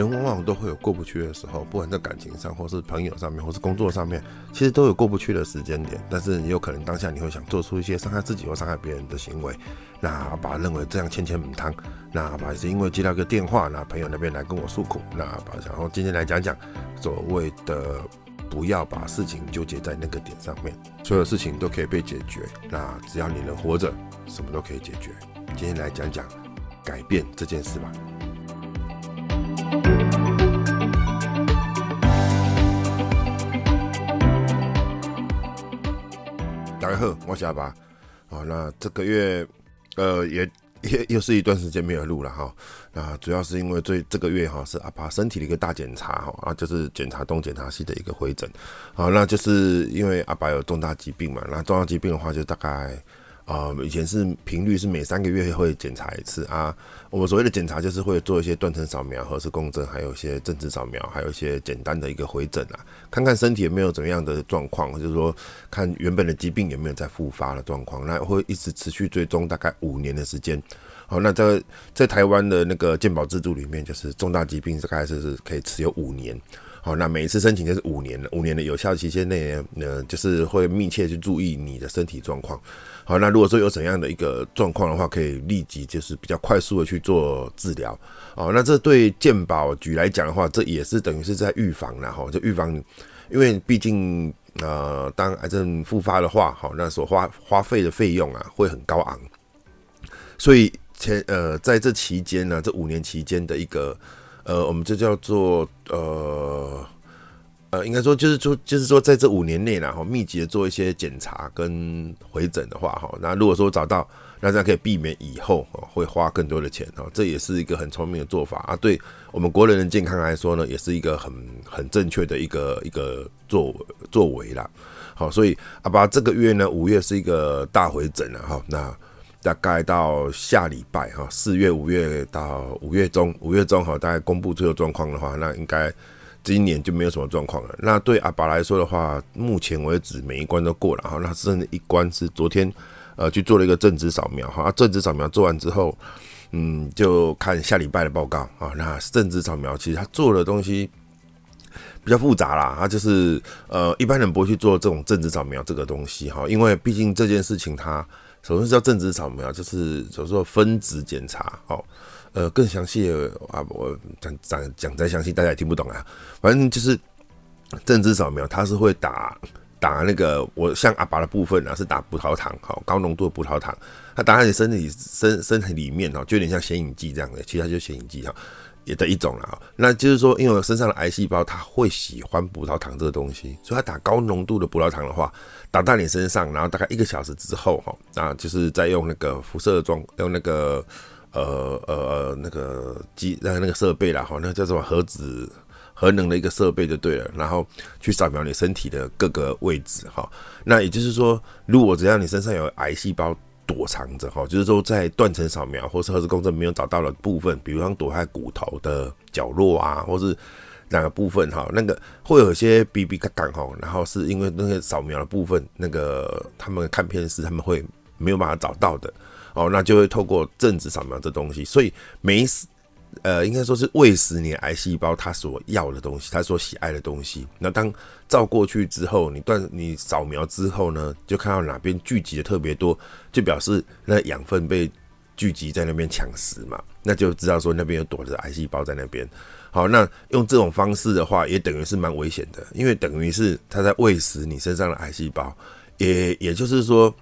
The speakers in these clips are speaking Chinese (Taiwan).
人往往都會有過不去的時候，不管在感情上，或是朋友上面，或是工作上面，其實都有過不去的時間點。但是也有可能當下你會想做出一些傷害自己或傷害別人的行為。阿拔認為這樣千千母湯。阿拔是因為接到個電話，那朋友那邊來跟我訴苦。阿拔然後今天來講講所謂的不要把事情糾結在那個點上面，所有事情都可以被解決。那只要你能活着，什麼都可以解決。今天來講講改變這件事吧。大家好，我是阿拔。好、哦，那這個月，呃，也也又是一段時間沒有錄了哈。那主要是因為最這個月哈是阿拔身體的一個大檢查哈，啊就是檢查東檢查西的一個會診。好、哦，那就是因為阿拔有重大疾病嘛，那重大疾病的話就大概。啊、呃，以前是頻率是每三個月會檢查一次啊。我們所謂的檢查就是會做一些斷層掃描、核磁共振，還有一些正子掃描，還有一些簡單的一個回診啊，看看身體有沒有怎麼樣的狀況，或、就、者、是、說看原本的疾病有沒有再復發的狀況。那會一直持續追蹤大概五年的時間。好、哦，那在在台灣的那個健保制度裡面，就是重大疾病大概是可以持有五年。好，那每一次申請就是五年，五年的有效期間內呢，呃，就是會密切去注意你的身體狀況。好，那如果說有怎樣的一個狀況的話，可以立即就是比較快速的去做治療。哦，那這對健保局來講的話，這也是等於是在預防了哈，就預防，因為畢竟呃，當癌症復發的話，好，那所花花費的費用啊會很高昂，所以前呃在這期間呢，這五年期間的一個。呃，我們這叫做呃呃，應該說就是說、就是、就是說在這五年內，然後密集的做一些檢查跟回診的話，哈，那如果說找到，那這樣可以避免以後會花更多的錢哦，這也是一個很聰明的做法啊，對我們國人的健康來說呢，也是一個很很正確的一個一個作為作為啦，好，所以阿拔、啊、這個月呢，五月是一個大回診了哈，那。大概到下禮拜哈，四月、五月到五月中，五月中哈，大概公布最後狀況的話，那應該今年就沒有什麼狀況了。那對阿拔來說的話，目前為止每一關都過了哈，那甚至一關是昨天呃去做了一個正子掃描哈、啊，正子掃描做完之後，嗯，就看下禮拜的報告啊。那正子掃描其實他做的東西比較複雜啦，他就是呃一般人不會去做這種正子掃描這個東西哈，因為畢竟這件事情他。首先叫正子掃描，就是所說分子檢查，哦，呃，更詳細的啊，我講講講再詳細，大家也聽不懂啊。反正就是正子掃描，它是會打打那個我像阿爸的部分呢，是打葡萄糖，好、哦，高濃度的葡萄糖，它打在你身體身身體裡面哦，就有點像顯影劑這樣的，其他就顯影劑啊也的一種了啊。那就是說，因為我身上的癌細胞，它會喜歡葡萄糖這個東西，所以它打高濃度的葡萄糖的話。打到你身上，然後大概一個小時之後，哈，啊，就是在用那個輻射裝，用那個呃呃呃那個機呃那個設備啦，哈，那個、叫做核子核能的一個設備就對了，然後去掃描你身體的各個位置，哈，那也就是說，如果只要你身上有癌細胞躲藏着，哈，就是說在斷層掃描或是核磁共振沒有找到的部分，比如像躲在骨頭的角落啊，或是。哪個部分哈，那個會有一些比比咔嘎哈，然後是因為那些掃描的部分，那個他們看片時他們會沒有辦法找到的哦，那就會透過正子掃描這東西，所以每時呃應該說是餵食你的癌細胞它所要的東西，它所喜愛的東西，那當照過去之後，你斷你掃描之後呢，就看到哪邊聚集的特別多，就表示那養分被聚集在那邊搶食嘛，那就知道說那邊有躲着癌細胞在那邊。好，那用這種方式的話，也等於是蠻危險的，因為等於是它在餵食你身上的癌細胞，也，也也就是說，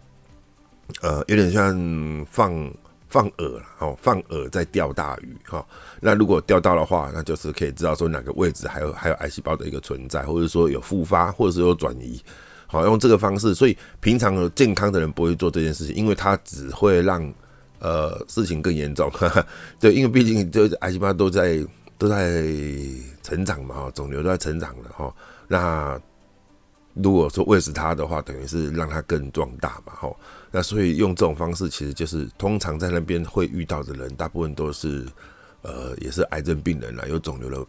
呃，有點像放放餌了，哦，放餌在釣大魚哈、哦。那如果釣到的話，那就是可以知道說哪個位置還有還有癌細胞的一個存在，或者說有復發，或者是有轉移。好、哦，用這個方式，所以平常健康的人不會做這件事情，因為它只會讓呃事情更嚴重呵呵。對，因為畢竟這癌細胞都在。都在成長嘛哈，腫瘤都在成長了哈。那如果說餵食它的話，等於是讓它更壯大嘛哈。那所以用這種方式，其實就是通常在那邊會遇到的人，大部分都是呃，也是癌症病人了，有腫瘤的，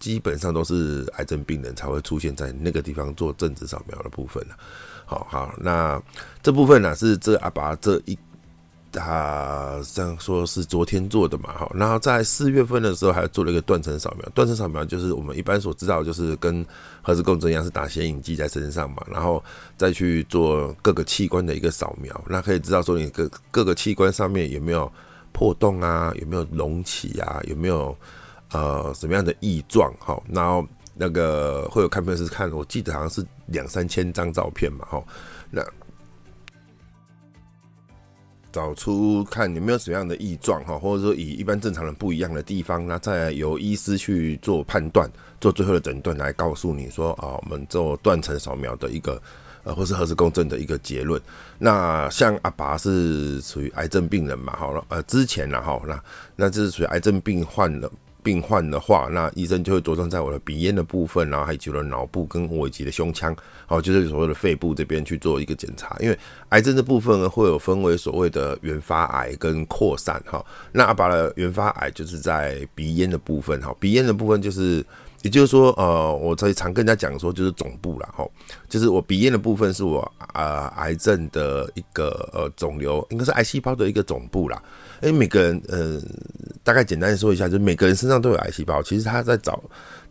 基本上都是癌症病人才會出現在那個地方做正子掃描的部分了。好好，那這部分呢是這阿拔這一。他這樣說是昨天做的嘛？哈，然後在四月份的時候還做了一個斷層掃描。斷層掃描就是我們一般所知道，就是跟核磁共振一樣，是打顯影劑在身上嘛，然後再去做各個器官的一個掃描，那可以知道說你各各個器官上面有沒有破洞啊，有沒有隆起啊，有沒有呃什麼樣的異狀？哈，然後那個會有看片師看，我記得好像是兩三千張照片嘛？哈，那。找出看有沒有什麼樣的異狀哈，或者說，以一般正常人不一樣的地方，那再由醫師去做判斷，做最後的診斷來告訴你說，哦，我們做斷層掃描的一個，呃，或是核磁共振的一個結論。那像阿拔是屬於癌症病人嘛，好了，呃，之前了哈，那那這是屬於癌症病患了。病患的話，那醫生就會着重在我的鼻咽的部分，然後還有了腦部跟以及我的胸腔，好，就是所謂的肺部這邊去做一個檢查。因為癌症的部分呢，會有分為所謂的原發癌跟擴散哈。那阿拔的原發癌就是在鼻咽的部分哈，鼻咽的部分就是。也就是說，呃，我最常跟人家講說，就是總部啦，哈，就是我鼻咽的部分是我啊、呃、癌症的一個呃腫瘤，應該是癌細胞的一個總部啦。因為每個人呃，大概簡單說一下，就是每個人身上都有癌細胞，其實他在找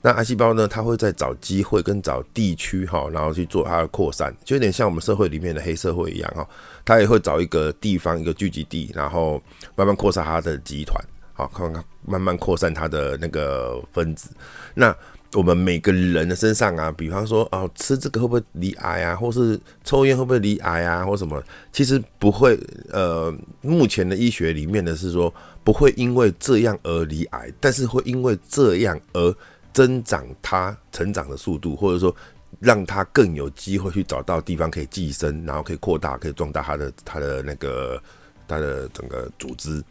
那癌細胞呢，他會在找機會跟找地區哈，然後去做它的擴散，就有點像我們社會裡面的黑社會一樣哦，他也會找一個地方一個聚集地，然後慢慢擴散他的集團。好，看看慢慢擴散它的那個分子。那我們每個人的身上啊，比方說哦，吃這個會不會罹癌啊？或是抽菸會不會罹癌啊？或什麼？其實不會。呃，目前的醫學裡面的是說不會因為這樣而罹癌，但是會因為這樣而增長它成長的速度，或者說讓它更有機會去找到地方可以寄生，然後可以擴大、可以壯大它的它的那個它的整個組織。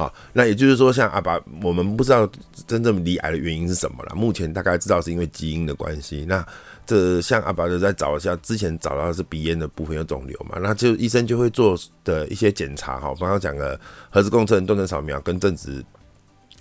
好，那也就是說，像阿爸，我們不知道真正罹癌的原因是什麼了。目前大概知道是因為基因的關係。那這像阿爸就在找一下，之前找到的是鼻咽的部分有腫瘤嘛？那就醫生就會做的一些檢查，哈，剛剛講的核磁共振、斷層掃描跟正子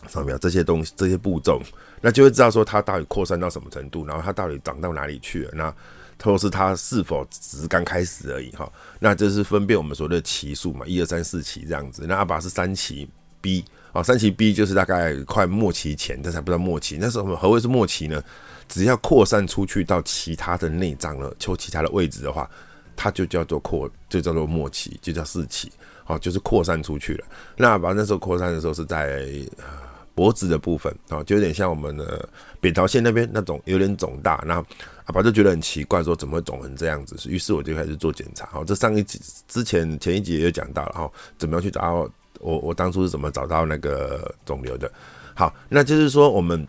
掃描這些東西，這些步驟，那就會知道說它到底擴散到什麼程度，然後它到底長到哪裡去了。那或是它是否只是剛開始而已，哈？那就是分辨我們所謂的期數嘛，一二三四期這樣子。那阿爸是三期。B 啊、哦，三期 B 就是大概快末期前，但是還不知道末期。那時候我們何謂是末期呢？只要擴散出去到其他的內臟了，求其他的位置的話，它就叫做擴，就叫做末期，就叫四期。好、哦，就是擴散出去了。那反正那時候擴散的時候是在、呃、脖子的部分，啊、哦，就有點像我們的扁桃腺那邊那種有點腫大。那啊，反正覺得很奇怪，說怎麼會腫成這樣子？於是我就開始做檢查。好、哦，這上一集之前前一集也有講到了，哈、哦，怎麼樣去找？我我當初是怎麼找到那個腫瘤的？好，那就是說我們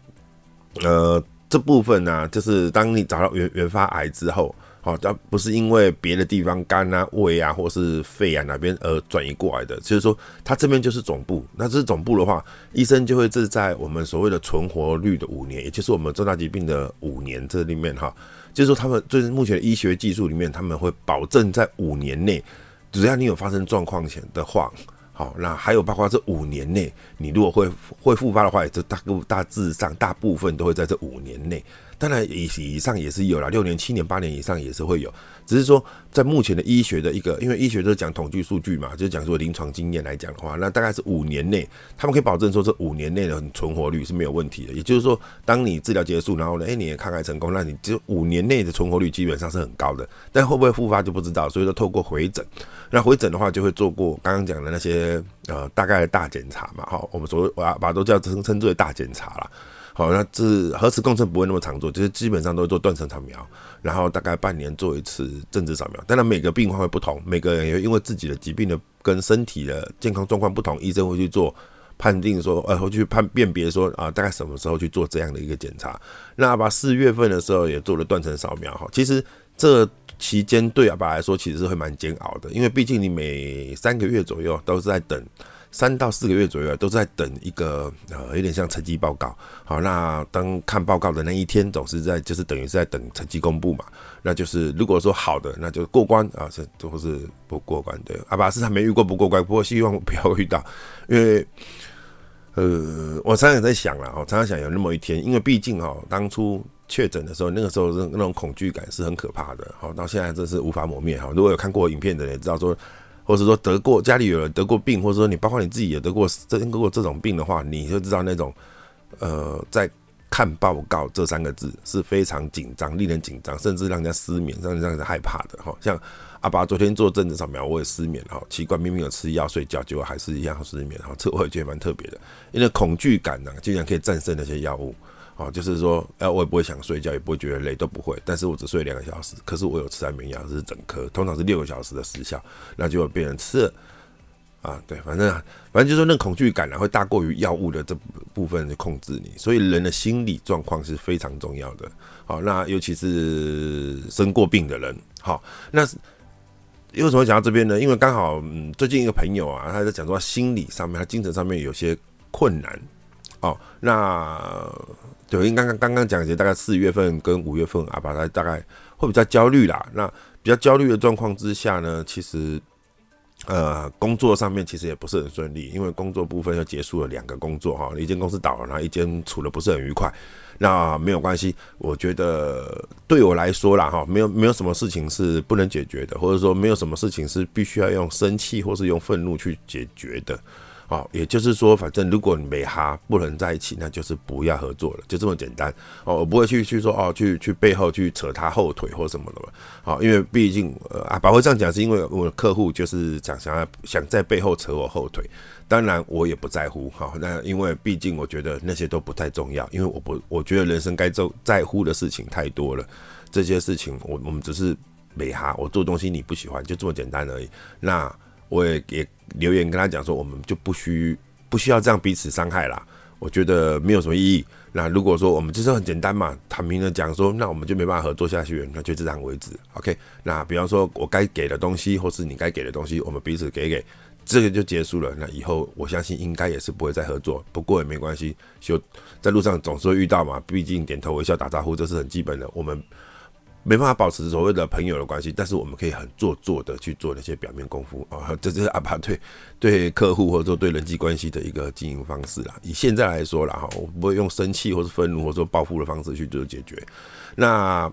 呃這部分呢、啊，就是當你找到原原發癌之後，好、哦，它不是因為別的地方肝啊、胃啊，或是肺啊哪邊而轉移過來的，就是說它這邊就是總部。那這是總部的話，醫生就會是在我們所謂的存活率的五年，也就是我們重大疾病的五年這裡面哈、哦，就是說他們最、就是、目前的醫學技術裡面，他們會保證在五年內，只要你有發生狀況前的話。哦，那還有包括這五年內，你如果會會復發的話也就，這大，大致上大部分都會在這五年內。當然，以以上也是有啦，六年、七年、八年以上也是會有，只是說在目前的醫學的一個，因為醫學都是講統計數據嘛，就講說臨床經驗來講的話，那大概是五年內，他們可以保證說這五年內的存活率是沒有問題的。也就是說，當你治療結束，然後呢，誒，你也抗癌成功，那你就五年內的存活率基本上是很高的。但會不會復發就不知道。所以說，透過回診，那回診的話就會做過剛剛講的那些呃大概的大檢查嘛，哈，我們所謂把把都叫稱稱之為大檢查啦。好、哦，那這核磁共振不會那麼常做，就是基本上都會做斷層掃描，然後大概半年做一次正子掃描。當然每個病況會不同，每個人也因為自己的疾病的跟身體的健康狀況不同，醫生會去做判定說，呃，會去判辨別說啊、呃，大概什麼時候去做這樣的一個檢查。那阿爸四月份的時候也做了斷層掃描，哈，其實這期間對阿爸來說其實是會蠻煎熬的，因為畢竟你每三個月左右都是在等。三到四個月左右，都在等一個呃，有點像成績報告。好，那當看報告的那一天，總是在就是等於是在等成績公布嘛。那就是如果說好的，那就過關啊，這都是不過關的。阿拔是還沒遇過不過、不過關，不過希望不要遇到。因為呃，我常常也在想了哦，常常想有那麼一天，因為畢竟哦、喔，當初確診的時候，那個時候是那種恐懼感是很可怕的。好，到現在真是無法磨滅。好，如果有看過影片的人，也知道說。或者是說得過家裡有人得過病，或者說你包括你自己也得過這、經歷過這種病的話，你就知道那種，呃，在看報告這三個字是非常緊張、令人緊張，甚至讓人家失眠、讓人讓人害怕的哈、哦。像阿拔昨天做正子掃描，我也失眠哈、哦，奇怪，明明有吃藥睡覺，結果還是一樣失眠哈、哦，這我也覺得蠻特別的，因為恐懼感呢、啊、竟然可以戰勝那些藥物。哦，就是說，哎，我也不會想睡覺，也不會覺得累，都不會。但是我只睡兩個小時，可是我有吃安眠藥，是整顆，通常是六個小時的時效，那就會變成吃了啊，對，反正、啊、反正就是說那個、啊，那恐懼感呢會大過於藥物的這部分去控制你，所以人的心理狀況是非常重要的。好，那尤其是生過病的人，好，那又為什麼講到這邊呢？因為剛好、嗯、最近一個朋友啊，他在講說他心理上面，他精神上面有些困難。哦，那抖音剛剛剛剛講解，大概四月份跟五月份啊，把它大概會比較焦慮啦。那比較焦慮的狀況之下呢，其實呃工作上面其實也不是很順利，因為工作部分又結束了兩個工作哈，一間公司倒了，然後一間處得不是很愉快。那沒有關係，我覺得對我來說啦哈，沒有沒有什麼事情是不能解決的，或者說沒有什麼事情是必須要用生氣或是用憤怒去解決的。哦，也就是說，反正如果你美哈不能在一起，那就是不要合作了，就這麼簡單。哦，我不會去去說哦，去去背後去扯他後腿或什麼的吧。好、哦，因為畢竟呃啊，把會這樣講，是因為我的客戶就是講想，想要想在背後扯我後腿，當然我也不在乎。哈、哦，那因為畢竟我覺得那些都不太重要，因為我不我覺得人生該做在乎的事情太多了，這些事情我我們只是美哈，我做東西你不喜歡，就這麼簡單而已。那。我也也留言跟他講說，我們就不需、不需要這樣彼此傷害啦。我覺得沒有什麼意義。那如果說我們就是很簡單嘛，坦平的講說，那我們就沒辦法合作下去了，那就這樣為止。OK，那比方說我該給的東西或是你該給的東西，我們彼此給一給，這個就結束了。那以後我相信應該也是不會再合作，不過也沒關係，就在路上總是會遇到嘛，畢竟點頭微笑打招呼這是很基本的，我們。沒辦法保持所謂的朋友的關係，但是我們可以很做作的去做那些表面功夫啊，哦，這就是阿拔對對客戶或者說對人際關係的一個經營方式啦。以現在來說啦，哈，我不會用生氣或是憤怒或者說報復的方式去做解決。那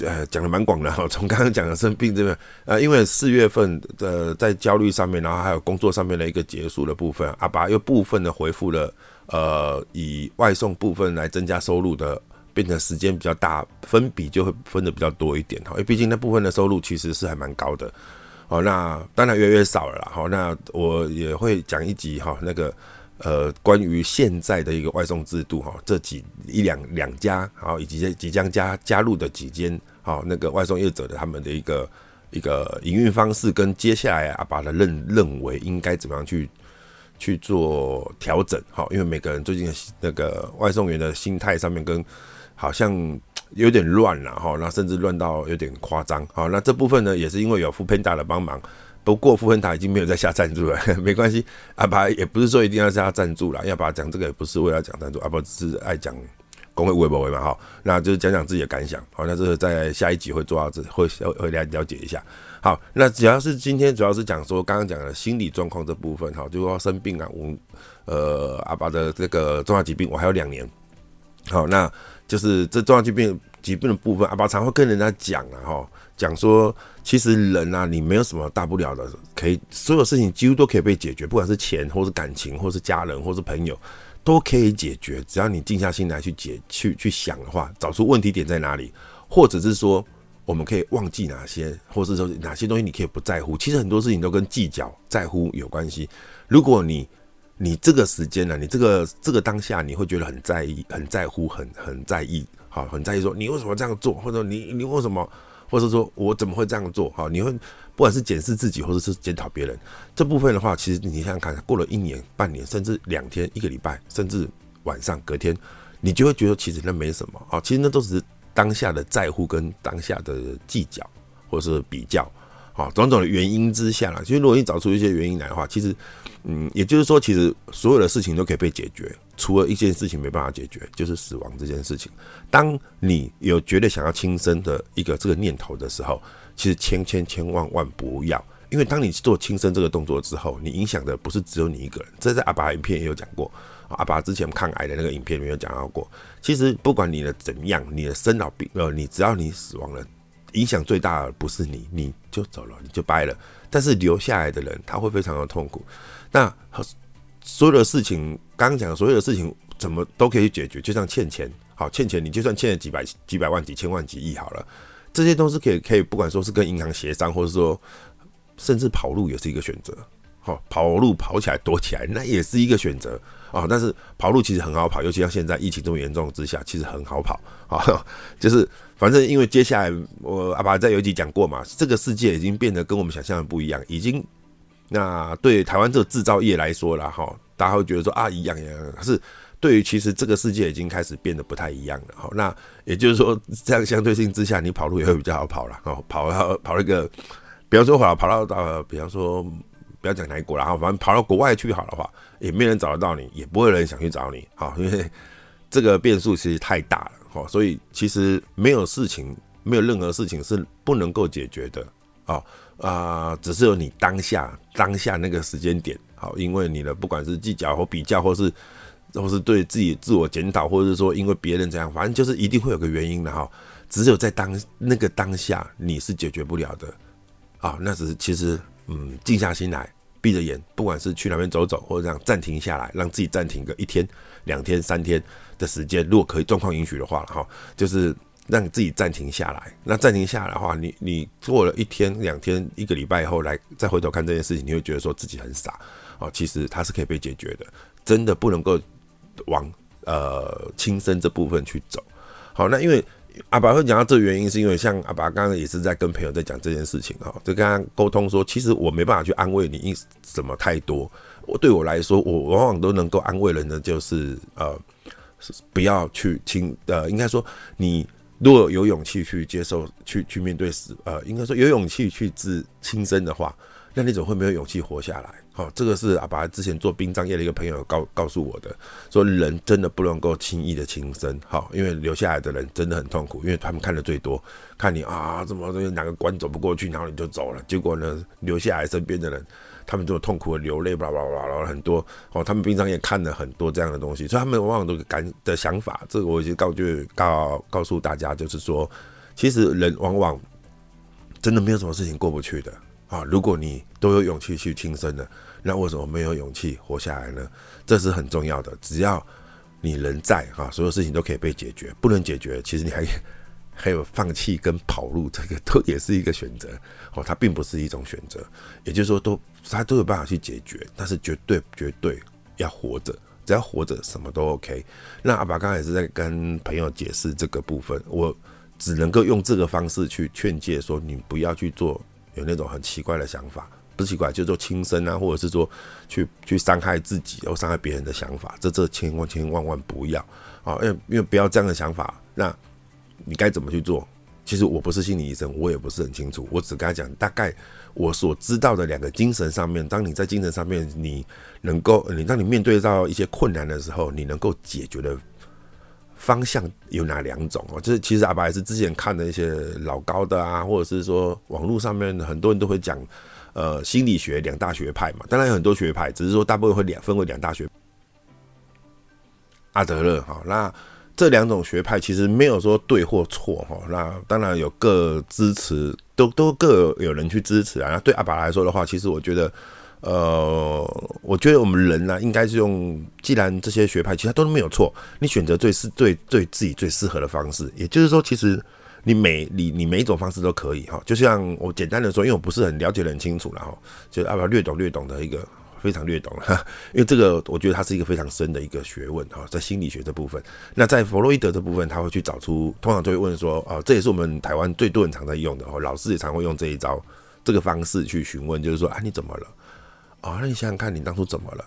呃講的蠻廣的哈，從剛剛講的生病這邊，呃，因為四月份的在焦慮上面，然後還有工作上面的一個結束的部分，阿拔又部分的回復了，呃，以外送部分來增加收入的。變成時間比較大，分比就會分得比較多一點哈，因為畢竟那部分的收入其實是還蠻高的，好、哦，那當然越來越少了啦。好、哦，那我也會講一集哈、哦，那個呃關於現在的一個外送制度哈、哦，這幾一兩兩家好、哦，以及即將加加入的幾間好、哦，那個外送業者的他們的一個一個營運方式跟接下來阿拔的認認為應該怎麼樣去去做調整哈、哦，因為每個人最近那個外送員的心態上面跟好像有點亂了哈，那甚至亂到有點誇張。好，那這部分呢，也是因為有富噴塔的幫忙。不過富噴塔已經沒有在下贊助了，呵呵沒關係。阿爸也不是說一定要下贊助了，要講這個也不是為了講贊助，阿爸只是愛講公會微博微嘛哈。那就是講講自己的感想。好，那這個在下一集會做到這，這會會會來了解一下。好，那主要是今天主要是講說剛剛講的心理狀況這部分哈，就是說生病啊，我呃阿爸的這個重大疾病，我還有兩年。好，那。就是這重大疾病疾病的部分啊，阿拔常會跟人家講啊，哈，講說，其實人啊，你沒有什麼大不了的，可以所有事情幾乎都可以被解決，不管是錢，或是感情，或是家人，或是朋友，都可以解決。只要你靜下心來去解去去想的話，找出問題點在哪裡，或者是說我們可以忘記哪些，或是說哪些東西你可以不在乎。其實很多事情都跟計較在乎有關係。如果你你這個時間呢、啊？你這個這個當下，你會覺得很在意、很在乎、很很在意，好，很在意說你為什麼這樣做，或者你你為什麼，或者說我怎麼會這樣做？哈，你會不管是檢視自己，或者是檢討別人這部分的話，其實你想想看，過了一年、半年，甚至兩天、一個禮拜，甚至晚上隔天，你就會覺得其實那沒什麼啊、哦，其實那都是當下的在乎跟當下的計較或者是比較。好，種種的原因之下啦，其實如果你找出一些原因來的話，其實，嗯，也就是說，其實所有的事情都可以被解決，除了一件事情沒辦法解決，就是死亡這件事情。當你有覺得想要輕生的一個這個念頭的時候，其實千千千萬萬不要，因為當你做輕生這個動作之後，你影響的不是只有你一個人。這在阿拔影片也有講過，阿拔之前抗癌的那個影片也沒有講到過。其實不管你的怎樣，你的生老病呃，你只要你死亡了。影響最大的不是你，你就走了，你就掰了。但是留下來的人，他會非常的痛苦。那所有的事情，剛剛講的所有的事情，怎麼都可以解決。就像欠錢，好欠錢，你就算欠了幾百、幾百萬、幾千萬、幾億好了，這些都是可以，可以不管說是跟銀行協商，或者說甚至跑路也是一個選擇。好，跑路跑起來躲起來，那也是一個選擇。啊、哦，但是跑路其實很好跑，尤其像現在疫情這麼嚴重之下，其實很好跑。啊、哦，就是反正因為接下來我阿拔在有一集講過嘛，這個世界已經變得跟我們想象的不一樣，已經那對台灣這個製造業來說了哈，大家會覺得說啊一樣一樣，可是對於其實這個世界已經開始變得不太一樣了。好、哦，那也就是說這樣相對性之下，你跑路也會比較好跑了。哦，跑到跑一個，比方說跑跑到到、呃、比方說。不要講哪一國了，然後反正跑到國外去，好的話也沒人找得到你，也不會有人想去找你，好、哦，因為這個變數其實太大了，哦，所以其實沒有事情，沒有任何事情是不能夠解決的，哦，啊、呃，只是有你當下當下那個時間點，好、哦，因為你的不管是計較或比較，或是或是對自己自我檢討，或者是說因為別人怎樣，反正就是一定會有個原因的哈、哦，只有在當那個當下你是解決不了的，啊、哦，那只是其實嗯，靜下心來。閉着眼，不管是去哪邊走走，或者這樣暫停下來，讓自己暫停個一天、兩天、三天的時間，如果可以狀況允許的話，哈，就是讓你自己暫停下來。那暫停下來的話，你你過了一天、兩天、一個禮拜以後來再回頭看這件事情，你會覺得說自己很傻啊。其實它是可以被解決的，真的不能夠往呃輕生這部分去走。好，那因為。阿拔會講到這個原因，是因為像阿拔剛剛也是在跟朋友在講這件事情啊，就剛剛溝通說，其實我沒辦法去安慰你，因什麼太多。我對我來說，我往往都能夠安慰人的，就是呃，不要去輕呃，應該說你如果有勇氣去接受，去去面對死，呃，應該說有勇氣去自輕生的話。那你怎麼會沒有勇氣活下來？好、哦，這個是阿拔之前做殯葬業的一個朋友告告訴我的，說人真的不能夠輕易的輕生。好、哦，因為留下來的人真的很痛苦，因為他們看的最多，看你啊，怎麼怎麼哪個關走不過去，然後你就走了，結果呢，留下來身邊的人，他們就痛苦的流淚，叭叭叭叭，很多。哦，他們殯葬業看了很多這樣的東西，所以他們往往都感的想法，這個我已經告就告告訴大家，就是說，其實人往往真的沒有什麼事情過不去的。啊！如果你都有勇氣去輕生的，那為什麼沒有勇氣活下來呢？這是很重要的。只要你人在哈，所有事情都可以被解決。不能解決，其實你還還有放棄跟跑路，這個都也是一個選擇。哦，它並不是一種選擇，也就是說都，都它都有辦法去解決。但是絕對絕對要活着，只要活着什麼都 OK。那阿拔剛才也是在跟朋友解釋這個部分，我只能夠用這個方式去勸誡說，你不要去做。有那種很奇怪的想法，不奇怪，就是做輕生啊，或者是說去去傷害自己，然後傷害別人的想法，這這千萬千萬萬不要啊！因為因為不要這樣的想法，那你該怎麼去做？其實我不是心理醫生，我也不是很清楚，我只跟他講大概我所知道的兩個精神上面，當你在精神上面，你能夠你當你面對到一些困難的時候，你能夠解決的。方向有哪兩種哦？就是其實阿拔也是之前看的一些老高的啊，或者是說網絡上面很多人都會講，呃，心理學兩大學派嘛。當然有很多學派，只是說大部分會兩分為兩大學派，阿德勒哈。那這兩種學派其實沒有說對或錯哈。那當然有各支持，都都各有人去支持啊。那對阿拔來說的話，其實我覺得。呃，我覺得我們人啊，應該是用，既然這些學派其他都沒有錯，你選擇最是最對自己最適合的方式，也就是說，其實你每你你每一種方式都可以，就像我簡單的說，因爲我不是很了解得很清楚，然後就要不要略懂略懂的一個非常略懂了，因爲這個我覺得它是一個非常深的一個學問，在心理學這部分，那在弗洛伊德的部分，他會去找出，通常就會問說啊，呃，這也是我們台灣最多人常在用的，老師也常常會用這一招這個方式去詢問，就是說啊，你怎麼了？哦，那你想想看，你當初怎麼了？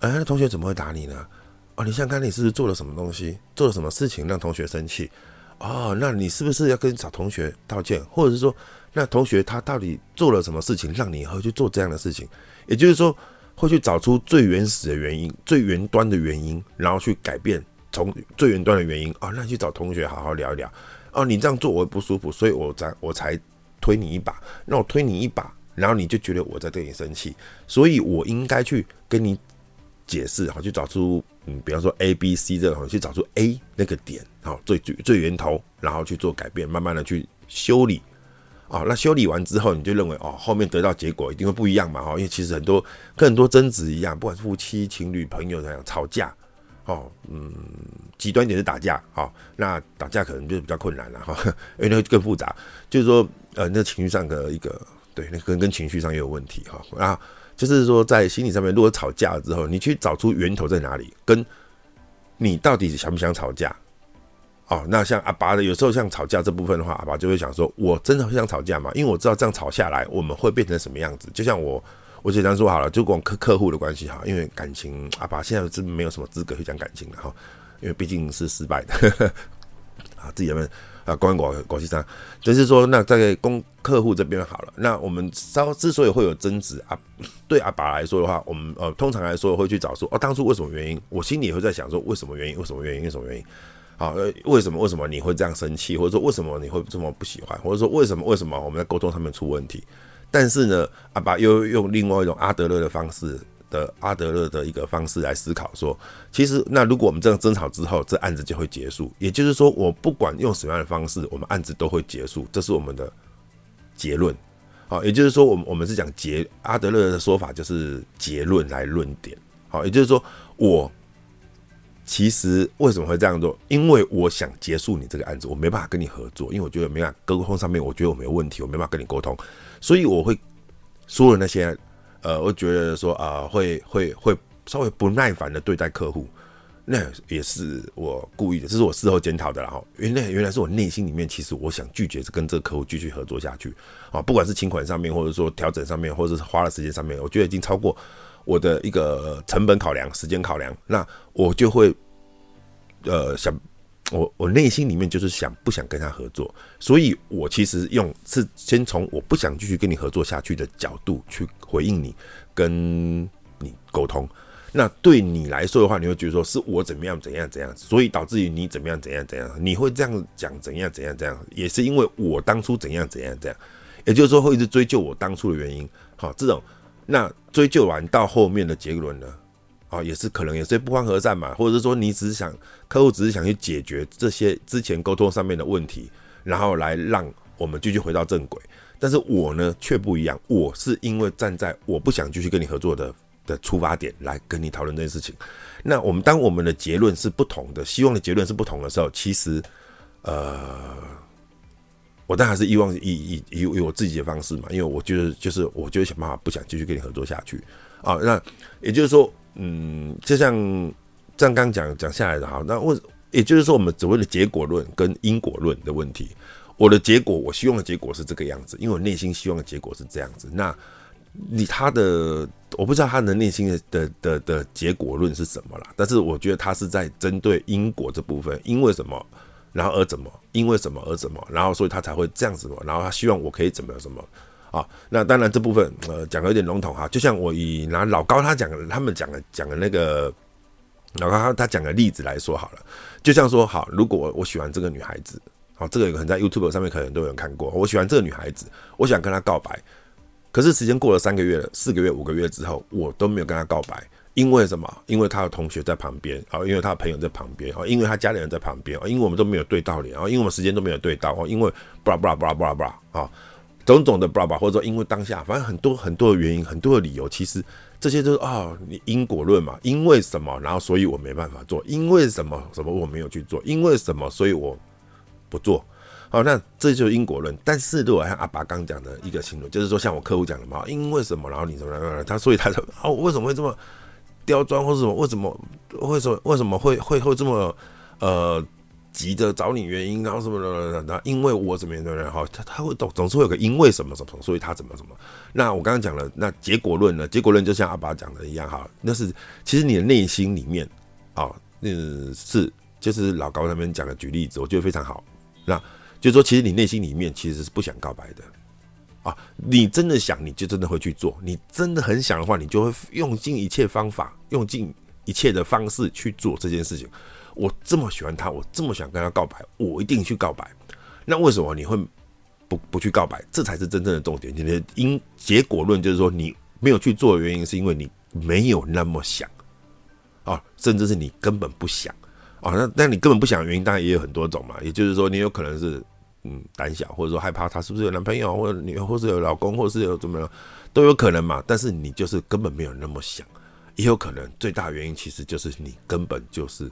哎，那同學怎麼會打你呢？哦，你想想看，你是不是做了什麼東西，做了什麼事情讓同學生氣？哦，那你是不是要跟找同學道歉？或者是說，那同學他到底做了什麼事情讓你以後去做這樣的事情？也就是說，會去找出最原始的原因，最原端的原因，然後去改變，從最原端的原因啊，哦，那你去找同學好好聊一聊。哦，你這樣做我不舒服，所以我才我才推你一把。那我推你一把。然後你就覺得我在對你生氣，所以我應該去跟你解釋，然後去找出嗯，比方說 A、B、C 這種，去找出 A 那個點，好最最最源頭，然後去做改變，慢慢的去修理，啊、哦，那修理完之後，你就認為哦，後面得到結果一定會不一樣嘛，哈、哦，因為其實很多跟很多爭執一樣，不管是夫妻、情侶、朋友那樣吵架，哦，嗯，極端一點是打架，哦，那打架可能就是比較困難了、啊，哈，因為那更複雜，就是說，呃，那個情緒上的一個。對，那跟跟情緒上也有問題哈、哦、啊，就是說在心理上面，如果吵架了之後，你去找出源頭在哪裡，跟你到底想不想吵架？哦，那像阿爸的有時候像吵架這部分的話，阿爸就會想說，我真的想吵架嗎？因為我知道這樣吵下來，我們會變成什麼樣子？就像我，我簡單說好了，就跟客客戶的關係哈，因為感情阿爸現在真沒有什麼資格去講感情了哈，因為畢竟是失敗的啊，自己有沒有？啊、呃，關於廣廣西山，就是說，那在供客戶這邊好了。那我們稍之所以會有爭執啊，對阿爸來說的話，我們呃通常來說會去找說，哦，當初為什麼原因？我心裡也會在想說，為什麼原因？為什麼原因？為什麼原因？好、啊，為什麼為什麼你會這樣生氣？或者說為什麼你會這麼不喜歡？或者說為什麼為什麼我們在溝通上面出問題？但是呢，阿爸又用另外一種阿德勒的方式。的阿德勒的一個方式來思考，說其實那如果我們這樣爭吵之後，這案子就會結束。也就是說，我不管用什麼樣的方式，我們案子都會結束，這是我們的結論。好，也就是說，我們我們是講結阿德勒的說法就是結論來論點。好，也就是說，我其實為什麼會這樣做？因為我想結束你這個案子，我沒辦法跟你合作，因為我覺得沒辦法溝通上面，我覺得我沒有問題，我沒辦法跟你溝通，所以我會說了那些。呃，我覺得說啊、呃，會會會稍微不耐煩的對待客戶，那也是我故意的，這是我事後檢討的了哈。原來原來是我內心裡面，其實我想拒絕跟這個客戶繼續合作下去啊，不管是請款上面，或者說調整上面，或者是花了時間上面，我覺得已經超過我的一個成本考量、時間考量，那我就會呃想。我我內心裡面就是想不想跟他合作，所以我其實用是先從我不想繼續跟你合作下去的角度去回應你，跟你溝通。那對你來說的話，你會覺得說是我怎麼樣怎樣怎樣，所以導致於你怎麼樣怎樣怎樣，你會這樣講怎樣怎樣怎樣，也是因為我當初怎樣怎樣怎樣，也就是說會一直追究我當初的原因。好，這種那追究完到後面的結論呢？啊、哦，也是可能也是不歡而散嘛，或者是說你只是想客戶只是想去解決這些之前溝通上面的問題，然後來讓我們繼續回到正軌。但是我呢卻不一樣，我是因為站在我不想繼續跟你合作的的出發點來跟你討論這件事情。那我們當我們的結論是不同的，希望的結論是不同的時候，其實呃，我當然還是希望以以以我自己的方式嘛，因為我就是就是我就是想辦法不想繼續跟你合作下去啊、哦。那也就是說。嗯，就像這樣剛講講下來的哈，那我也就是說，我們所謂的結果論跟因果論的問題，我的結果，我希望的結果是這個樣子，因為我內心希望的結果是這樣子。那你他的我不知道他的內心的的的的結果論是什麼啦，但是我覺得他是在針對因果這部分，因為什麼，然後而怎麼，因為什麼而怎麼，然後所以他才會這樣子嘛，然後他希望我可以怎麼樣怎麼。好，那當然這部分呃講的有點籠統哈，就像我以拿老高他講的，他們講的講的那個老高他他講的例子來說好了，就像說好，如果我，我喜歡這個女孩子，好，這個有可能在 YouTube 上面可能都有人看過，我喜歡這個女孩子，我想跟她告白，可是時間過了三個月了、四個月、五個月之後，我都沒有跟她告白，因為什麼？因為她的同學在旁邊啊、哦，因為她的朋友在旁邊啊、哦，因為她家裡人在旁邊啊、哦，因為我們都沒有對到臉啊，因為我們時間都沒有對到哦。因為布拉布拉布拉布拉布拉啊。種種的爸爸，或者說因為當下，反正很多很多的原因，很多的理由，其實這些都、就是啊、哦，你因果論嘛？因為什麼，然後所以我沒辦法做，因為什麼什麼我沒有去做，因為什麼所以我不做。好、哦，那這就是因果論。但是如果像阿拔剛講的一個行為，就是說像我客戶講的嘛，因為什麼，然後你怎麼然後他所以他就哦，為什麼會這麼刁鑽，或者什麼，為什麼，為什麼，為什麼會會會，會這麼呃？急着找你原因，然後什麼的，那因為我怎麼樣的人哈，他他會總總是會有個因為什麼什麼，所以他怎麼怎麼。那我剛剛講了，那結果論呢？結果論就像阿拔講的一樣哈，那是其實你的內心裡面啊，哦，嗯，是就是老高那邊講的舉例子，我覺得非常好。那就是說其實你內心裡面其實是不想告白的啊，哦，你真的想你就真的會去做，你真的很想的話，你就會用盡一切方法，用盡一切的方式去做這件事情。我這麼喜歡他，我這麼想跟他告白，我一定去告白。那為什麼你會不不去告白？這才是真正的重點。今天因結果論就是說，你沒有去做的原因，是因為你沒有那麼想啊、哦，甚至是你根本不想啊、哦。那那你根本不想，原因當然也有很多種嘛。也就是說，你有可能是嗯膽小，或者說害怕他是不是有男朋友，或者你或者是有老公，或者是有怎麼樣都有可能嘛。但是你就是根本沒有那麼想，也有可能最大原因其實就是你根本就是。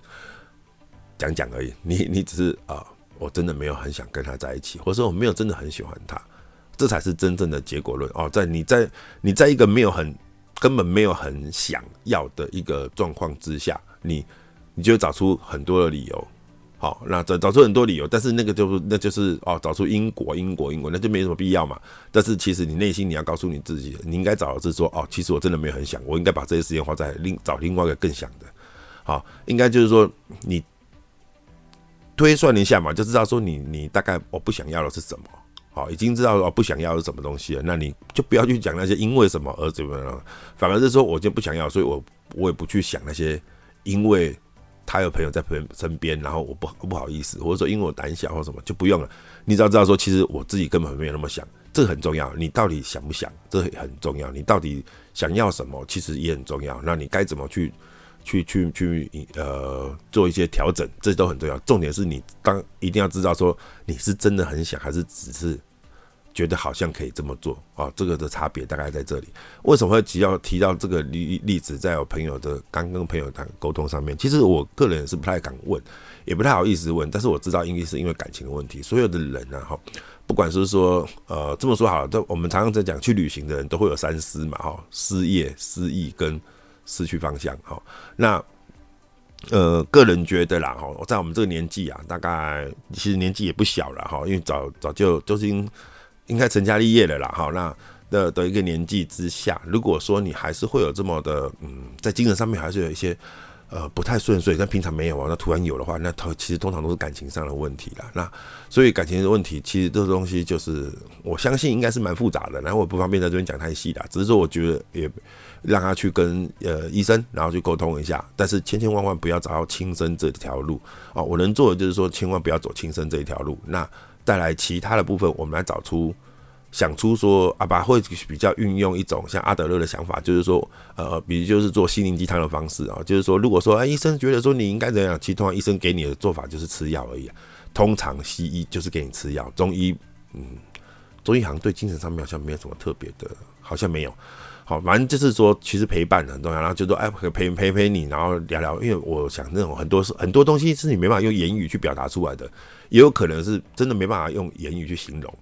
講講而已，你你只是啊、哦，我真的沒有很想跟他在一起，或者說我沒有真的很喜歡他，這才是真正的結果論哦。在你在你在一個沒有很根本沒有很想要的一個狀況之下，你你就找出很多的理由，好、哦，那找找出很多理由，但是那個就那就是哦，找出因果因果因果，那就沒什麼必要嘛。但是其實你內心你要告訴你自己，你應該找的是說哦，其實我真的沒有很想，我應該把這些時間花在另找另外一個更想的，好、哦，應該就是說你。推算一下嘛，就知道說你你大概我不想要的是什麼，好，已經知道了不想要的是什麼東西了，那你就不要去講那些因為什麼而怎麼樣了，反而是說，我就不想要，所以我我也不去想那些因為他有朋友在朋友身邊，然後我不我不好意思，或者說因為我膽小或什麼就不用了。你只要知道說，其實我自己根本沒有那麼想，這很重要。你到底想不想，這很重要。你到底想要什麼，其實也很重要。那你該怎麼去？去去去，呃，做一些調整，這都很重要。重點是你當一定要知道，說你是真的很想，還是只是覺得好像可以這麼做啊、哦？這個的差別大概在這裡。為什麼會提到提到這個例例子，在我朋友的剛跟朋友談溝通上面，其實我個人是不太敢問，也不太好意思問。但是我知道，因為是因為感情的問題，所有的人呢，哈，不管是，不是說呃這麼說好了，都我們常常在講去旅行的人都會有三思嘛，哈、哦，失業、失意跟。失去方向好，那呃，個人覺得啦哈，我在我們這個年紀啊，大概其實年紀也不小了哈，因為早早就都已經應該成家立業了啦哈，那的的一個年紀之下，如果說你還是會有這麼的嗯，在精神上面還是有一些呃不太順遂，但平常沒有啊，那突然有的話，那通其實通常都是感情上的問題了。那所以感情的問題，其實這個東西就是我相信應該是蠻複雜的，然後我不方便在這邊講太細啦，只是說我覺得也。讓他去跟呃醫生，然後去溝通一下。但是千千萬萬不要找到輕生這條路啊、哦！我能做的就是說，千萬不要走輕生這一條路。那帶來其他的部分，我們來找出想出說，阿、啊、拔會比較運用一種像阿德勒的想法，就是說，呃，比如就是做心靈雞湯的方式啊、哦，就是說，如果說哎、呃，醫生覺得說你應該怎樣，其實通常醫生給你的做法就是吃藥而已。通常西醫就是給你吃藥，中醫嗯，中醫好像對精神上面好像沒有什麼特別的，好像沒有。好，反正就是說，其實陪伴很重要。然後就說，哎，陪陪陪你，然後聊聊。因為我想那種很多事很多東西是你沒辦法用言語去表達出來的，也有可能是真的沒辦法用言語去形容。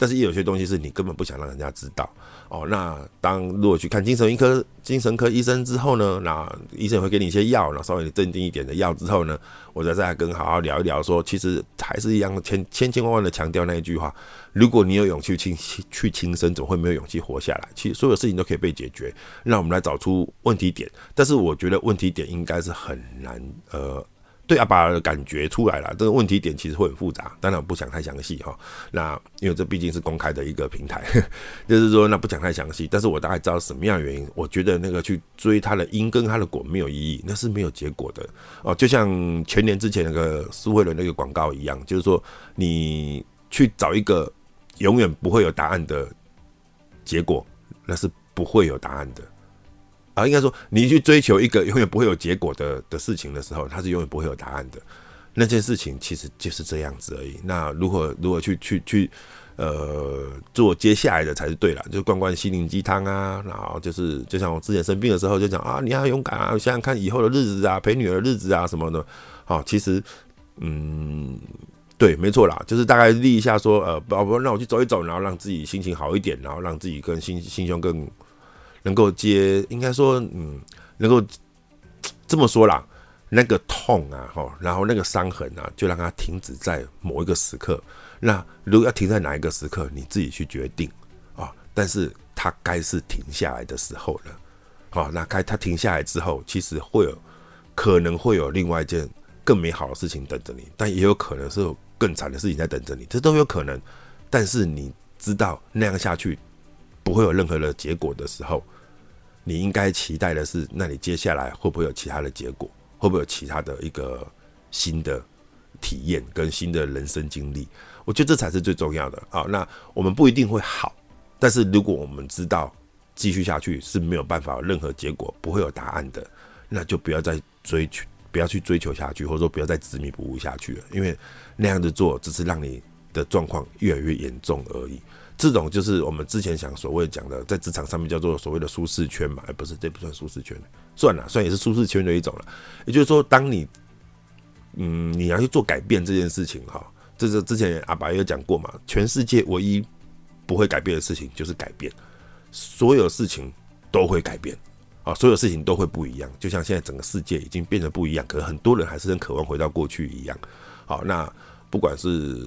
但是也有些東西是你根本不想讓人家知道哦。那當如果去看精神醫科，精神科醫生之後呢，那醫生會給你一些藥，然後稍微你鎮定一點的藥之後呢，我再再跟好好聊一聊說，說其實還是一樣千千千萬萬的強調那一句話：如果你有勇氣去去輕生，怎麼會沒有勇氣活下來？其實所有事情都可以被解決，讓我們來找出問題點。但是我覺得問題點應該是很難呃。對阿拔的感覺出來了，這個問題點其實會很複雜，當然我不講太詳細哈、哦。那因為這畢竟是公開的一個平台，就是說那不講太詳細，但是我大概知道什麼樣的原因。我覺得那個去追他的因跟他的果沒有意義，那是沒有結果的哦。就像前年之前那個蘇慧倫那個廣告一樣，就是說你去找一個永遠不會有答案的結果，那是不會有答案的。啊，應該說，你去追求一個永遠不會有結果的的事情的時候，它是永遠不會有答案的。那件事情其實就是這樣子而已。那如何如何去去去，呃，做接下來的才是對啦，就灌灌心靈雞湯啊，然後就是就像我之前生病的時候就講啊，你要勇敢啊，想想看以後的日子啊，陪女兒的日子啊什麼的。好、哦，其實嗯，對，沒錯啦，就是大概立一下說，呃，不不，那我去走一走，然後讓自己心情好一點，然後讓自己更心心胸更。能夠接，應該說，嗯，能夠這麼說啦，那個痛啊，哈，然後那個傷痕啊，就讓它停止在某一個時刻。那如果要停在哪一個時刻，你自己去決定啊、哦。但是它該是停下來的時候了，好、哦，那該它停下來之後，其實會有，可能會有另外一件更美好的事情等着你，但也有可能是有更慘的事情在等着你，這都有可能。但是你知道那樣下去。不會有任何的結果的時候，你應該期待的是，那你接下來會不會有其他的結果？會不會有其他的一個新的體驗跟新的人生經歷？我覺得這才是最重要的啊、哦！那我們不一定會好，但是如果我們知道繼續下去是沒有辦法，任何結果不會有答案的，那就不要再追求，不要去追求下去，或者說不要再執迷不悟下去了，因為那樣子做只是讓你的狀況越來越嚴重而已。這種就是我們之前想所謂講的，在職場上面叫做所謂的舒適圈嘛，哎、欸，不是，這不算舒適圈，算了，算也是舒適圈的一種了。也就是說，當你，嗯，你要去做改變這件事情哈，這是之前阿拔有講過嘛。全世界唯一不會改變的事情就是改變，所有事情都會改變啊，所有事情都會不一樣。就像現在整個世界已經變得不一樣，可能很多人還是很渴望回到過去一樣。好，那不管是。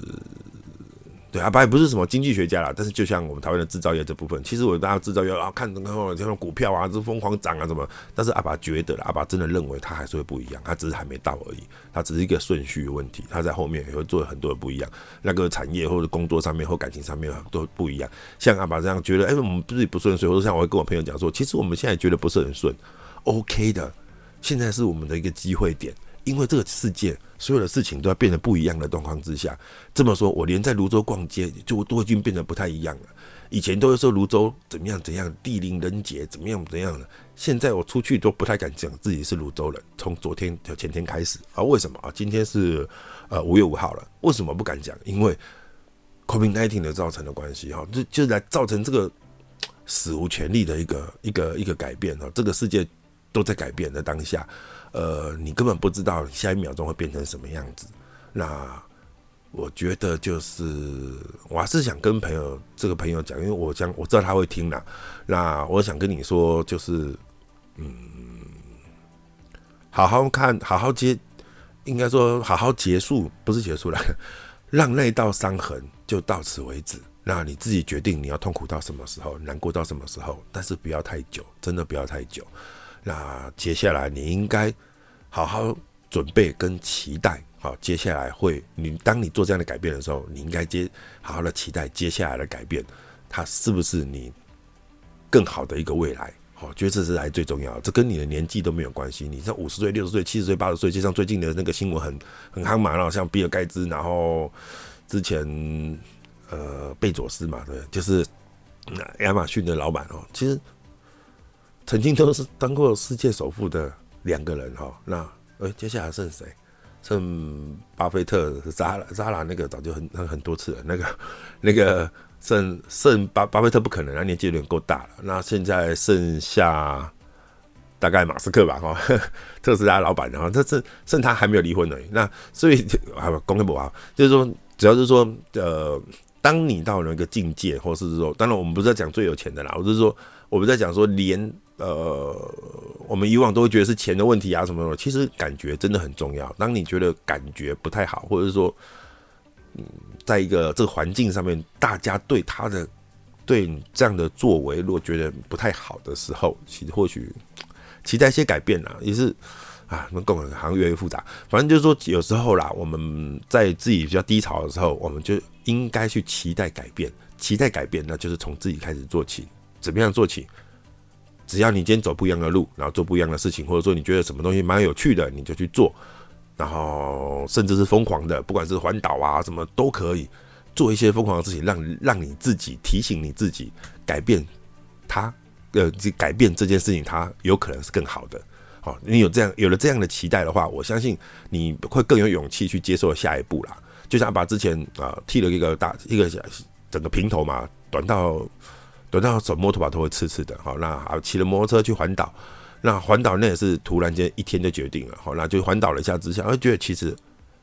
對，阿拔也不是什麼經濟學家啦。但是就像我們台灣的製造業這部分，其實我大家製造業啊，看、哦、股票啊，這瘋狂漲啊，什麼？但是阿拔覺得了，阿拔真的認為他還是會不一樣，他只是還沒到而已，他只是一個順序的問題，他在後面也會做很多的不一樣，那個產業或者工作上面或感情上面都不一樣。像阿拔這樣覺得，哎、欸，我們不是不順遂，或者像我會跟我朋友講說，其實我們現在覺得不是很順，OK 的，現在是我們的一個機會點。因為這個世界所有的事情都要變得不一樣的狀況之下，這麼說，我連在蘆洲逛街就都已經變得不太一樣了。以前都是說蘆洲怎麼樣怎麼樣，地靈人傑怎麼樣怎麼樣的，現在我出去都不太敢講自己是蘆洲人了。從昨天、前天開始啊，為什麼啊？今天是呃五月五號了，為什麼不敢講？因為 COVID-19 的造成的關係哈、啊，就就來造成這個史無前例的一個，一個一個一個改變呢、啊。這個世界都在改變的當下。呃，你根本不知道下一秒鐘會變成什麼樣子。那我覺得就是，我還是想跟朋友這個朋友講，因為我講我知道他會聽啦。那我想跟你說，就是，嗯，好好看，好好接。應該說好好結束，不是結束了，讓那道傷痕就到此為止。那你自己決定你要痛苦到什麼時候，難過到什麼時候，但是不要太久，真的不要太久。那接下來你應該好好準備跟期待，好，接下來會你當你做這樣的改變的時候，你應該接好好的期待接下來的改變，它是不是你更好的一個未來？我覺得這是還最重要的，這跟你的年紀都沒有關係。你像五十歲、六十歲、七十歲、八十歲，就像最近的那個新聞很很夯嘛，然後，像比爾蓋茨，然後之前呃貝佐斯嘛，對，就是亞馬遜的老闆哦，其實。曾經都是當過世界首富的兩個人哈，那哎、欸，接下來剩誰？剩巴菲特和扎拉扎拉那個早就很、那個、很多次了，那個那個剩剩巴巴菲特不可能，那年紀有點夠大了。那現在剩下大概馬斯克吧哈，特斯拉老闆，然後他剩剩他還沒有離婚而已。那所以啊公開不好就是說。只要是說，呃，當你到了一個境界，或者是，是說，當然我們不是在講最有錢的啦，我是說，我們在講說連，連呃，我們以往都會覺得是錢的問題啊什麼的，其實感覺真的很重要。當你覺得感覺不太好，或者是說、嗯，在一個這個環境上面，大家對他的對你這樣的作為，如果覺得不太好的時候，其實或許期待一些改變啊，也是。啊，那個好像越來越複雜。反正就是說，有時候啦，我們在自己比較低潮的時候，我們就應該去期待改變。期待改變，那就是從自己開始做起。怎麼樣做起？只要你今天走不一樣的路，然後做不一樣的事情，或者說你覺得什麼東西蠻有趣的，你就去做。然後甚至是瘋狂的，不管是環島啊什麼都可以，做一些瘋狂的事情，讓讓你自己提醒你自己，改變它。呃，改變這件事情，它有可能是更好的。好、哦，你有這樣有了這樣的期待的話，我相信你會更有勇氣去接受下一步啦。就像把之前啊剃、呃、了一個大一個小整個平頭嘛，短到短到手摸頭髮都會刺刺的。好、哦，那啊騎了摩托車去環島，那環島那也是突然間一天就決定了。好、哦，那就環島了一下之下，覺得其實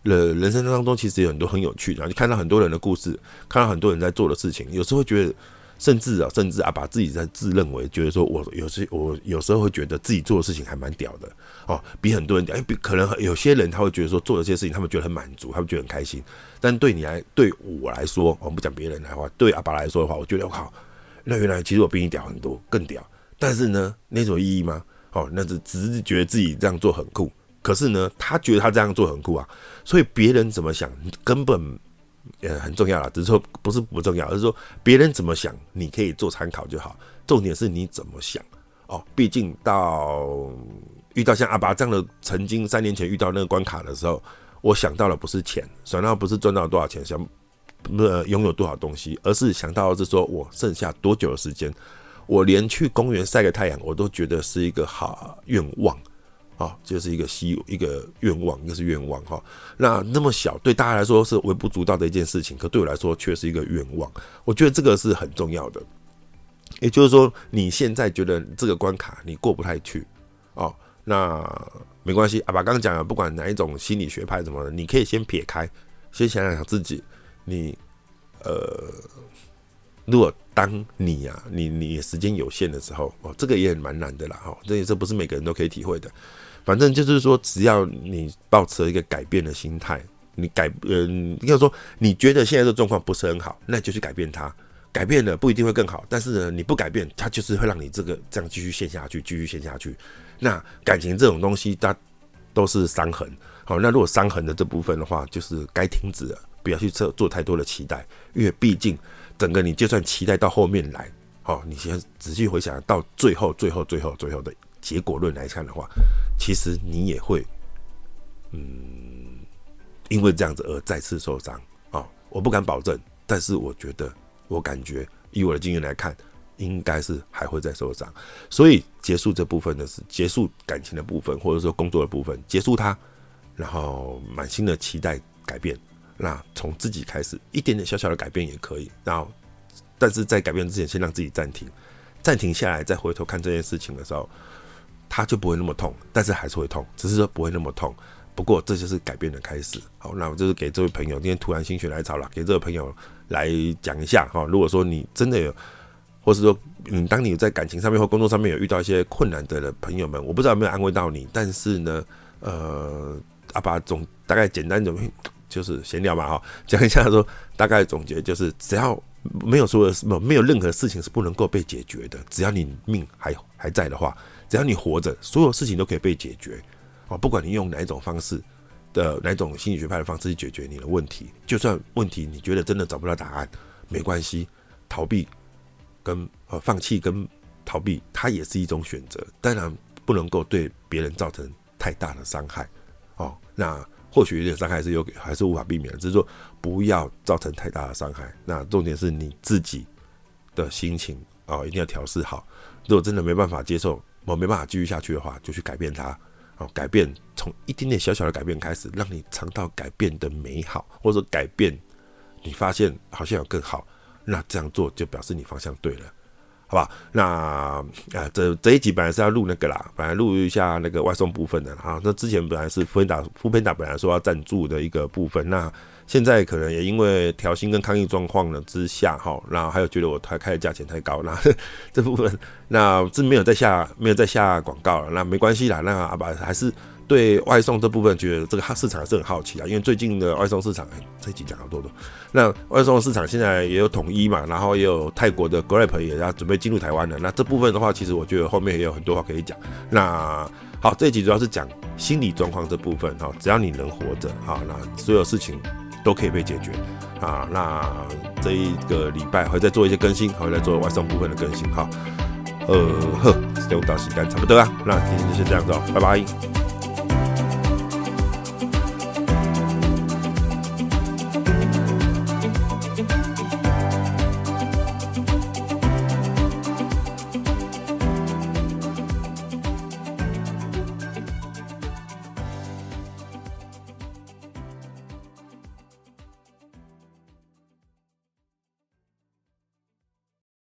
呃人生當中其實有很多很有趣，然後就看到很多人的故事，看到很多人在做的事情，有時候會覺得。甚至啊，甚至阿拔自己在自認為覺得說，我有時我有時候會覺得自己做的事情還蠻屌的哦，比很多人屌、欸比。可能有些人他會覺得說，做了一些事情，他們覺得很滿足，他們覺得很開心。但對你來，對我來說，我、哦、們不講別人的話，對阿拔來說的話，我覺得我靠，那原來其實我比你屌很多，更屌。但是呢，那有意義嗎？哦，那只只是覺得自己這樣做很酷。可是呢，他覺得他這樣做很酷啊，所以別人怎麼想，根本。也很重要啦，只是說不是不重要，而是說別人怎麼想，你可以做參考就好。重點是你怎麼想哦，畢竟到遇到像阿拔這樣的，曾經三年前遇到那個關卡的時候，我想到的不是錢，想到不是賺到多少錢，想不、呃、擁有多少東西，而是想到的是說我剩下多久的時間，我連去公園曬個太陽，我都覺得是一個好願望。啊、哦，就是一個希一個願望，一個是願望哈、哦。那那麼小，對大家來說是微不足道的一件事情，可對我來說卻是一個願望。我覺得這個是很重要的。也就是說，你現在覺得這個關卡你過不太去哦，那沒關係。阿拔剛剛講了，不管哪一種心理學派什麼的，你可以先撇開，先想想自己。你呃，如果當你啊，你你時間有限的時候哦，這個也很蠻難的啦。哦，這也這不是每個人都可以體會的。反正就是說，只要你保持了一個改變的心態，你改，嗯，應該說，你覺得現在的狀況不是很好，那你就去改變它。改變了不一定會更好，但是呢，你不改變，它就是會讓你這個這樣繼續陷下去，繼續陷下去。那感情這種東西，它都是傷痕。好、哦，那如果傷痕的這部分的話，就是該停止了，不要去做做太多的期待，因為畢竟整個你就算期待到後面來，好、哦，你先仔細回想，到最後，最後，最後，最後的。結果論來看的話，其實你也會，嗯，因為這樣子而再次受傷啊、哦！我不敢保證，但是我覺得，我感覺以我的經驗來看，應該是還會再受傷。所以結束這部分的是結束感情的部分，或者說工作的部分，結束它，然後滿心的期待改變。那從自己開始，一點點小小的改變也可以。然後，但是在改變之前，先讓自己暫停，暫停下來，再回頭看這件事情的時候，他就不會那麼痛，但是還是會痛，只是說不會那麼痛。不過這就是改變的開始。好，那我就是給這位朋友，今天突然心血來潮了，給這位朋友來講一下哈。如果說你真的有，或是說，嗯，當你在感情上面或工作上面有遇到一些困難的，的朋友們，我不知道有沒有安慰到你，但是呢，呃，阿、啊、拔總大概簡單怎麼就是閒聊嘛哈，講一下說大概總結就是，只要沒有說什麼沒有任何事情是不能夠被解決的，只要你命還還在的話。只要你活着，所有事情都可以被解決，哦，不管你用哪一種方式的哪一種心理學派的方式去解決你的問題，就算問題你覺得真的找不到答案，沒關係，逃避跟呃放棄跟逃避，它也是一種選擇。當然不能夠對別人造成太大的傷害，哦，那或許有點傷害是有還是無法避免的，只是說不要造成太大的傷害。那重點是你自己的心情啊、哦，一定要調適好。如果真的沒辦法接受。我沒辦法繼續下去的話，就去改變它，哦，改變從一點點小小的改變開始，讓你嘗到改變的美好，或者改變，你發現好像有更好，那這樣做就表示你方向對了。好吧，那啊，這這一集本來是要錄那個啦，本來錄一下那個外送部分的啊。那之前本來是富胖達富胖達本來說要贊助的一個部分，那現在可能也因為調薪跟抗議狀況呢之下，哈、哦，然後還有覺得我開開的價錢太高，啦，這部分那這沒有再下沒有再下廣告了，那沒關係啦，那好阿爸還是。對外送這部分，覺得這個市場還是很好奇啊，因為最近的外送市場，欸、這一集講好多多。那外送市場現在也有統一嘛，然後也有泰國的 Grab 也要準備進入台灣了。那這部分的話，其實我覺得後面也有很多話可以講。那好，這一集主要是講心理狀況這部分哈、哦，只要你能活着哈、哦，那所有事情都可以被解決啊、哦。那這一個禮拜會再做一些更新，會來做外送部分的更新哈、哦。呃呵，時間到，時間差不多啊。那今天就先這樣子、哦，拜拜。